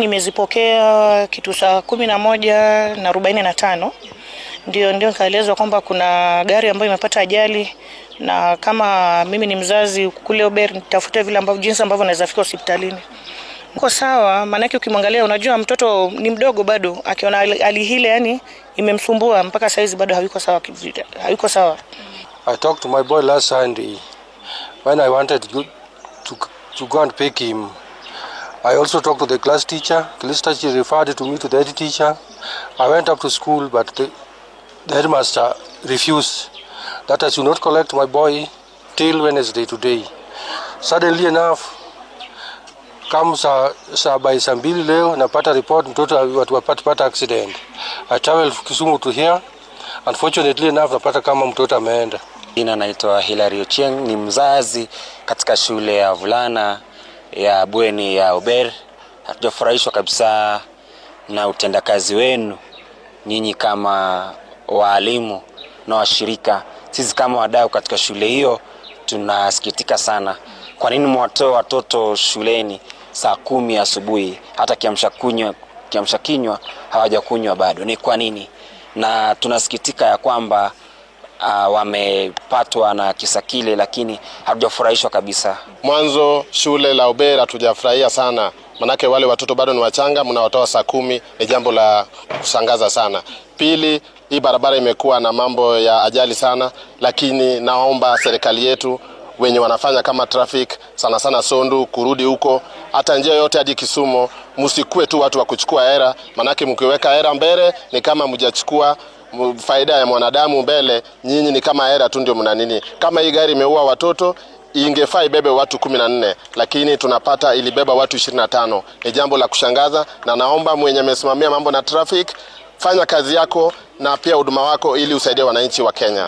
Nimezipokea kitu saa kumi na moja na arobaini na tano ndio ndio nikaelezwa kwamba kuna gari ambayo imepata ajali, na kama mimi ni mzazi kule Ober nitafute vile ambavyo jinsi ambavyo naweza fika hospitalini. Uko sawa, maanake ukimwangalia, unajua mtoto ni mdogo bado, akiona hali hile yani imemsumbua mpaka saizi bado hayuko sawa, hayuko sawa. I talked to my boy last Sunday when I wanted to, to, to go and pick him I also talked to the class teacher. Class teacher referred to me to the head teacher. I went up to school, but the, the headmaster refused that I should not collect my boy till Wednesday today. Suddenly enough, kama saa, saa by saa mbili leo napata report mtoto watupata accident. I travel Kisumu to here. Unfortunately enough napata kama mtoto ameenda. Jina naitwa Hilary Ochieng, ni mzazi katika shule ya vulana ya bweni ya Ober. Hatujafurahishwa kabisa na utendakazi wenu nyinyi kama waalimu na washirika. Sisi kama wadau katika shule hiyo tunasikitika sana. Kwa nini mwatoe watoto shuleni saa kumi asubuhi, hata kiamsha kunywa kiamsha kinywa hawajakunywa bado? Ni kwa nini? Na tunasikitika ya kwamba uh, wamepatwa na kisa kile, lakini hatujafurahishwa kabisa. Mwanzo shule la Ubera hatujafurahia sana, manake wale watoto bado ni wachanga, mnawatoa saa kumi, ni jambo la kushangaza sana. Pili, hii barabara imekuwa na mambo ya ajali sana, lakini naomba serikali yetu wenye wanafanya kama traffic sana sana Sondu kurudi huko, hata njia yote hadi Kisumu, msikue tu watu wa kuchukua hera, manake mkiweka hera mbele ni kama mjachukua faida ya mwanadamu mbele, nyinyi ni kama hera tu ndio mna nini. Kama hii gari imeua watoto ingefaa ibebe watu kumi na nne lakini tunapata ilibeba watu ishirini na tano. Ni jambo la kushangaza, na naomba mwenye amesimamia mambo na traffic, fanya kazi yako na pia huduma wako ili usaidie wananchi wa Kenya.